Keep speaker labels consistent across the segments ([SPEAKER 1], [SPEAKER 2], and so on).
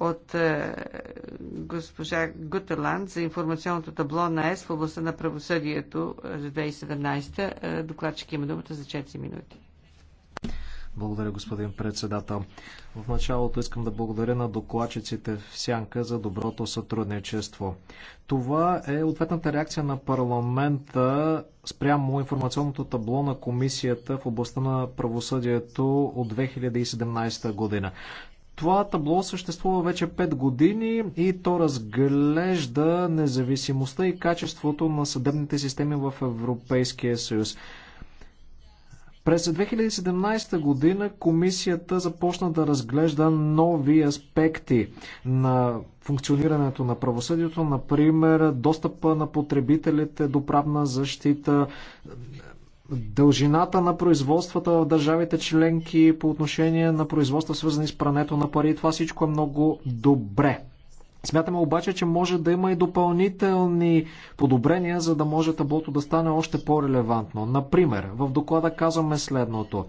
[SPEAKER 1] от е, госпожа Гутерланд за информационното табло на ЕС в областта на правосъдието за 2017. Е, докладчик има думата за 4 минути.
[SPEAKER 2] Благодаря, господин председател. В началото искам да благодаря на докладчиците в Сянка за доброто сътрудничество. Това е ответната реакция на парламента спрямо информационното табло на комисията в областта на правосъдието от 2017 година. Това табло съществува вече 5 години и то разглежда независимостта и качеството на съдебните системи в Европейския съюз. През 2017 година комисията започна да разглежда нови аспекти на функционирането на правосъдието, например достъпа на потребителите до правна защита, дължината на производствата в държавите членки по отношение на производства, свързани с прането на пари. Това всичко е много добре. Смятаме обаче, че може да има и допълнителни подобрения, за да може таблото да стане още по-релевантно. Например, в доклада казваме следното.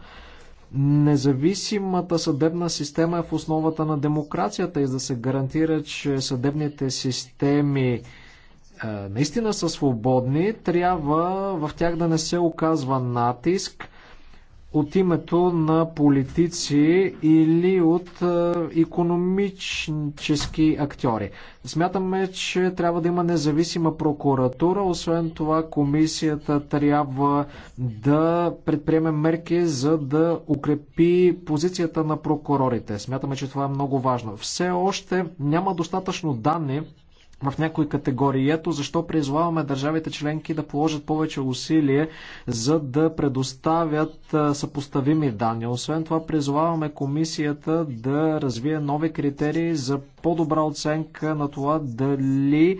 [SPEAKER 2] Независимата съдебна система е в основата на демокрацията и за да се гарантира, че съдебните системи е, наистина са свободни, трябва в тях да не се оказва натиск от името на политици или от економически актьори. Смятаме, че трябва да има независима прокуратура. Освен това, комисията трябва да предприеме мерки, за да укрепи позицията на прокурорите. Смятаме, че това е много важно. Все още няма достатъчно данни в някои категории. Ето защо призоваваме държавите членки да положат повече усилие, за да предоставят съпоставими данни. Освен това, призоваваме комисията да развие нови критерии за по-добра оценка на това дали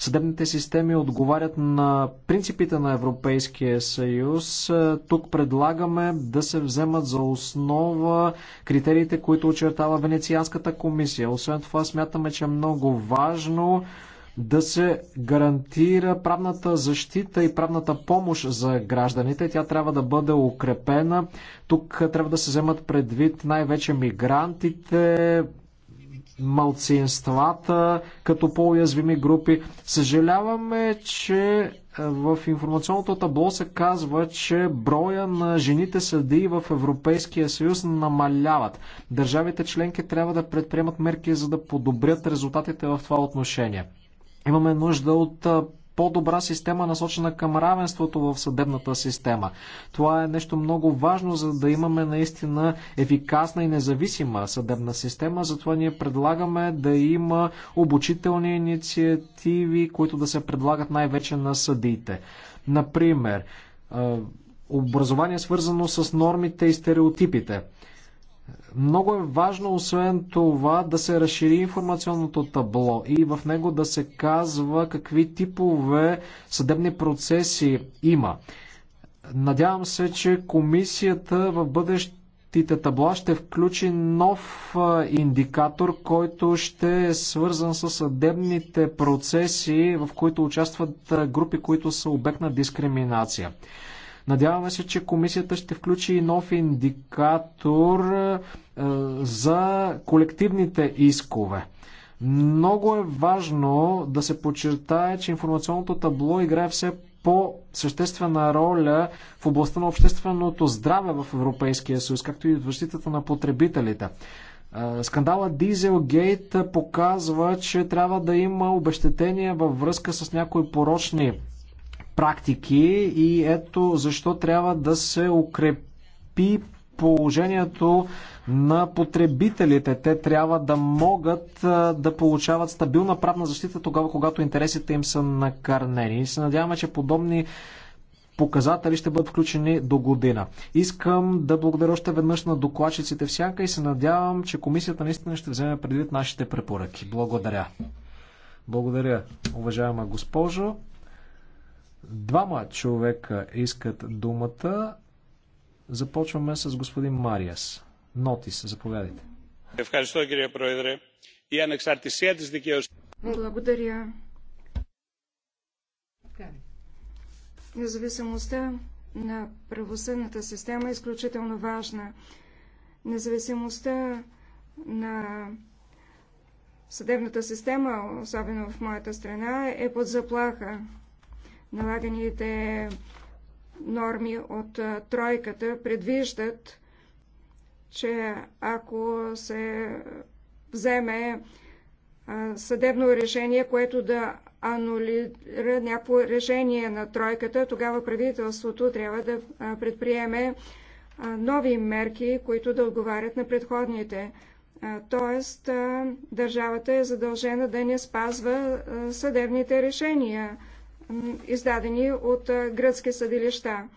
[SPEAKER 2] Съдебните системи отговарят на принципите на Европейския съюз. Тук предлагаме да се вземат за основа критериите, които очертава Венецианската комисия. Освен това, смятаме, че е много важно да се гарантира правната защита и правната помощ за гражданите. Тя трябва да бъде укрепена. Тук трябва да се вземат предвид най-вече мигрантите, малцинствата като по-уязвими групи. Съжаляваме, че е, в информационното табло се казва, че броя на жените съдии в Европейския съюз намаляват. Държавите членки трябва да предприемат мерки, за да подобрят резултатите в това отношение. Имаме нужда от е, по-добра система, насочена към равенството в съдебната система. Това е нещо много важно, за да имаме наистина ефикасна и независима съдебна система. Затова ние предлагаме да има обучителни инициативи, които да се предлагат най-вече на съдиите. Например, образование свързано с нормите и стереотипите. Много е важно, освен това, да се разшири информационното табло и в него да се казва какви типове съдебни процеси има. Надявам се, че комисията в бъдещите табла ще включи нов индикатор, който ще е свързан с съдебните процеси, в които участват групи, които са обект на дискриминация. Надяваме се, че комисията ще включи и нов индикатор е, за колективните искове. Много е важно да се подчертае, че информационното табло играе все по-съществена роля в областта на общественото здраве в Европейския съюз, както и в защитата на потребителите. Е, скандала Дизелгейт показва, че трябва да има обещетения във връзка с някои порочни практики и ето защо трябва да се укрепи положението на потребителите. Те трябва да могат да получават стабилна правна защита тогава, когато интересите им са накарнени. И се надяваме, че подобни показатели ще бъдат включени до година. Искам да благодаря още веднъж на докладчиците всяка сянка и се надявам, че комисията наистина ще вземе предвид нашите препоръки. Благодаря. Благодаря, уважаема госпожо. Двама човека искат думата. Започваме с господин Мариас. Нотис, заповядайте.
[SPEAKER 3] Благодаря. Независимостта на правосъдната система е изключително важна. Независимостта на съдебната система, особено в моята страна, е под заплаха налаганите норми от тройката предвиждат, че ако се вземе съдебно решение, което да анулира някакво решение на тройката, тогава правителството трябва да предприеме нови мерки, които да отговарят на предходните. Тоест, държавата е задължена да не спазва съдебните решения издадени от гръцки съдилища.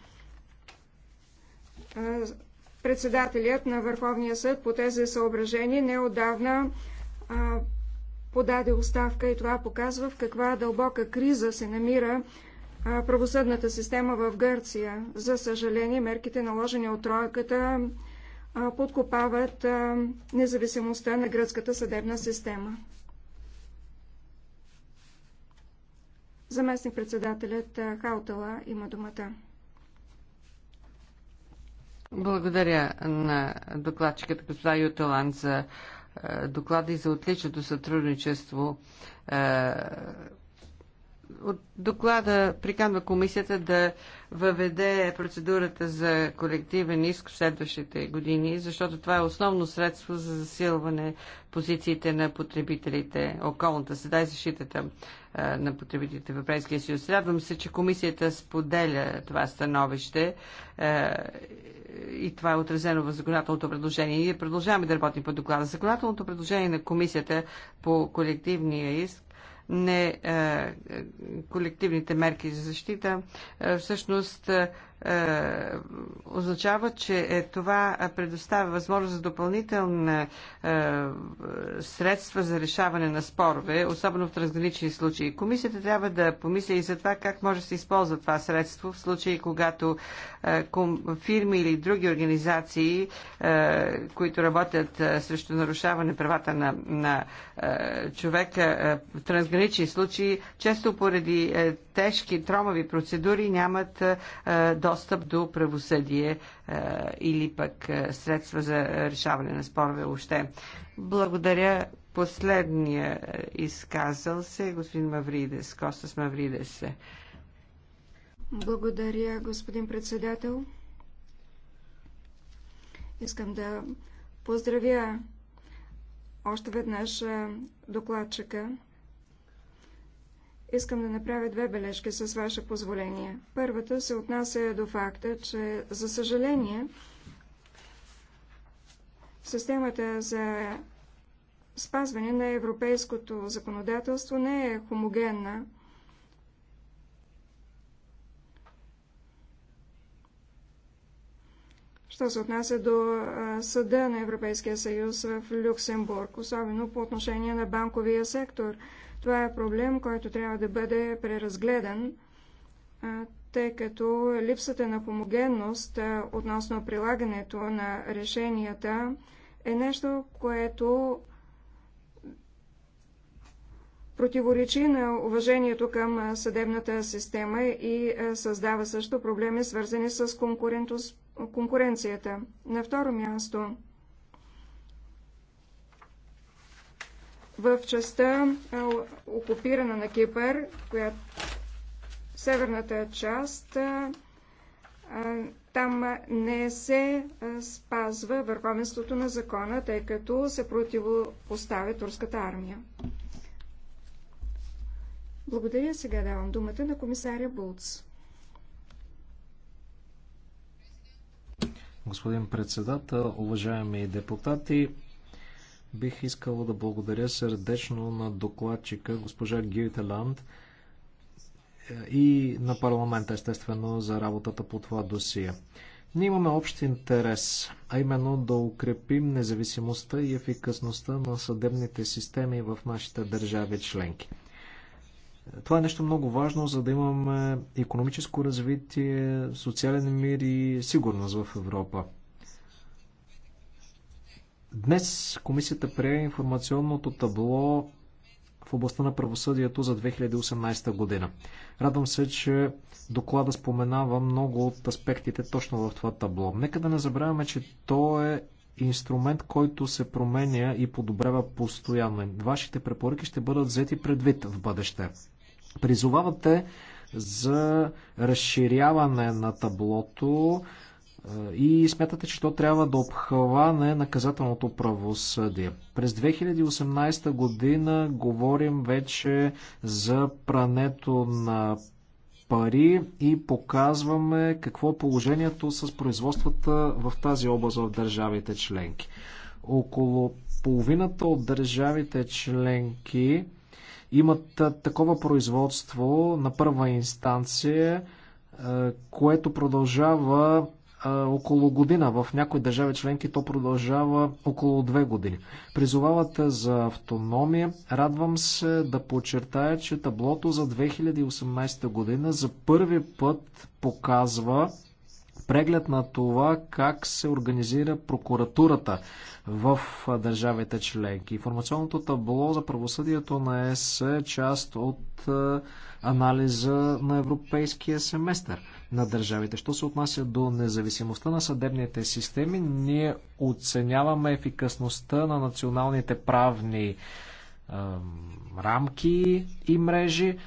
[SPEAKER 3] Председателят на Върховния съд по тези съображения неодавна подаде оставка и това показва в каква дълбока криза се намира правосъдната система в Гърция. За съжаление, мерките наложени от тройката подкопават независимостта на гръцката съдебна система. Заместник-председателят Хаутала има думата.
[SPEAKER 1] Благодаря на докладчиката госпожа Юталан за доклада и за отличното сътрудничество от доклада приканва комисията да въведе процедурата за колективен иск в следващите години, защото това е основно средство за засилване позициите на потребителите, околната среда и защитата на потребителите в Европейския съюз. Радвам се, че комисията споделя това становище и това е отразено в законодателното предложение. Ние продължаваме да работим по доклада. Законодателното предложение на комисията по колективния иск не е, колективните мерки за защита, е, всъщност е, е, означава, че е, това предоставя възможност за допълнителни е, средства за решаване на спорове, особено в трансгранични случаи. Комисията трябва да помисли и за това как може да се използва това средство в случаи, когато фирми или други организации, които работят срещу нарушаване правата на, на човека в трансгранични случаи, често поради тежки, тромави процедури нямат до достъп до правосъдие е, или пък е, средства за решаване на спорове още. Благодаря последния е, изказал се господин Мавридес, Костас Мавридес.
[SPEAKER 3] Благодаря, господин председател. Искам да поздравя още веднъж докладчика Искам да направя две бележки с ваше позволение. Първата се отнася до факта, че за съжаление системата за спазване на европейското законодателство не е хомогенна. Що се отнася до съда на Европейския съюз в Люксембург, особено по отношение на банковия сектор – това е проблем, който трябва да бъде преразгледан, тъй като липсата на хомогенност относно прилагането на решенията е нещо, което противоречи на уважението към съдебната система и създава също проблеми, свързани с конкуренцията. На второ място, в частта окупирана на Кипър, която северната част, там не се спазва върховенството на закона, тъй като се противопоставя турската армия. Благодаря. Сега давам думата на комисаря Булц.
[SPEAKER 2] Господин председател, уважаеми депутати, Бих искал да благодаря сърдечно на докладчика госпожа Гюйтеланд е, и на парламента, естествено, за работата по това досие. Ние имаме общ интерес, а именно да укрепим независимостта и ефикасността на съдебните системи в нашите държави членки. Това е нещо много важно, за да имаме економическо развитие, социален мир и сигурност в Европа. Днес комисията прие информационното табло в областта на правосъдието за 2018 година. Радвам се, че доклада споменава много от аспектите точно в това табло. Нека да не забравяме, че то е инструмент, който се променя и подобрява постоянно. Вашите препоръки ще бъдат взети предвид в бъдеще. Призовавате за разширяване на таблото и смятате, че то трябва да обхване наказателното правосъдие. През 2018 година говорим вече за прането на пари и показваме какво е положението с производствата в тази област в държавите членки. Около половината от държавите членки имат такова производство на първа инстанция, което продължава около година. В някои държави членки то продължава около две години. Призовавате за автономия. Радвам се да подчертая, че таблото за 2018 година за първи път показва преглед на това как се организира прокуратурата в държавите членки. Информационното табло за правосъдието на ЕС е част от анализа на европейския семестър на държавите. Що се отнася до независимостта на съдебните системи, ние оценяваме ефикасността на националните правни е, рамки и мрежи.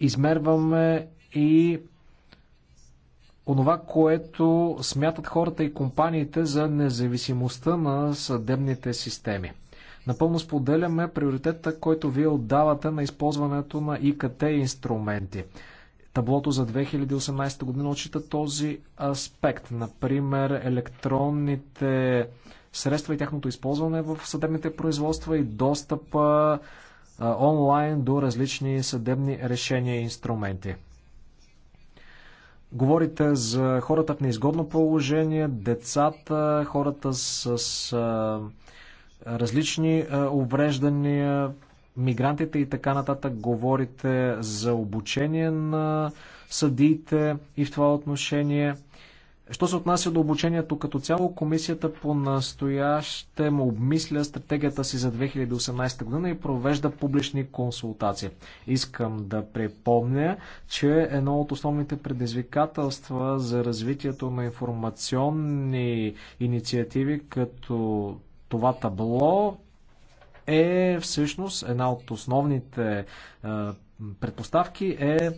[SPEAKER 2] Измерваме и онова, което смятат хората и компаниите за независимостта на съдебните системи. Напълно споделяме приоритета, който вие отдавате на използването на ИКТ инструменти. Таблото за 2018 година отчита този аспект. Например, електронните средства и тяхното използване в съдебните производства и достъпа онлайн до различни съдебни решения и инструменти. Говорите за хората в неизгодно положение, децата, хората с, с различни увреждания, мигрантите и така нататък. Говорите за обучение на съдиите и в това отношение – Що се отнася до обучението като цяло, комисията по настояще му обмисля стратегията си за 2018 година и провежда публични консултации. Искам да припомня, че едно от основните предизвикателства за развитието на информационни инициативи като това табло е всъщност една от основните предпоставки е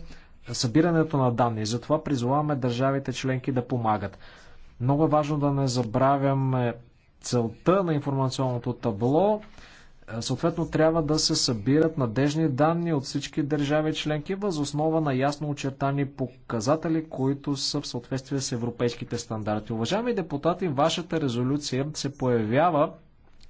[SPEAKER 2] събирането на данни. Затова призоваваме държавите членки да помагат. Много е важно да не забравяме целта на информационното табло. Е, съответно, трябва да се събират надежни данни от всички държави членки въз основа на ясно очертани показатели, които са в съответствие с европейските стандарти. Уважаеми депутати, вашата резолюция се появява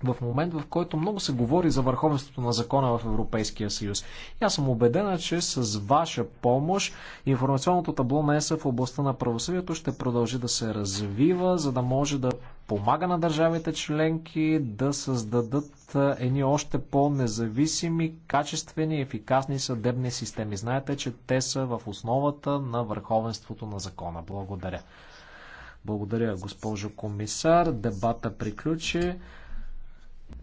[SPEAKER 2] в момент, в който много се говори за върховенството на закона в Европейския съюз. И аз съм убедена, че с ваша помощ информационното табло на ЕСА в областта на правосъдието ще продължи да се развива, за да може да помага на държавите членки да създадат едни още по-независими, качествени, ефикасни съдебни системи. Знаете, че те са в основата на върховенството на закона. Благодаря. Благодаря, госпожо комисар. Дебата приключи.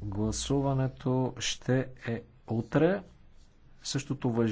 [SPEAKER 2] Гласуването ще е утре. Същото въжи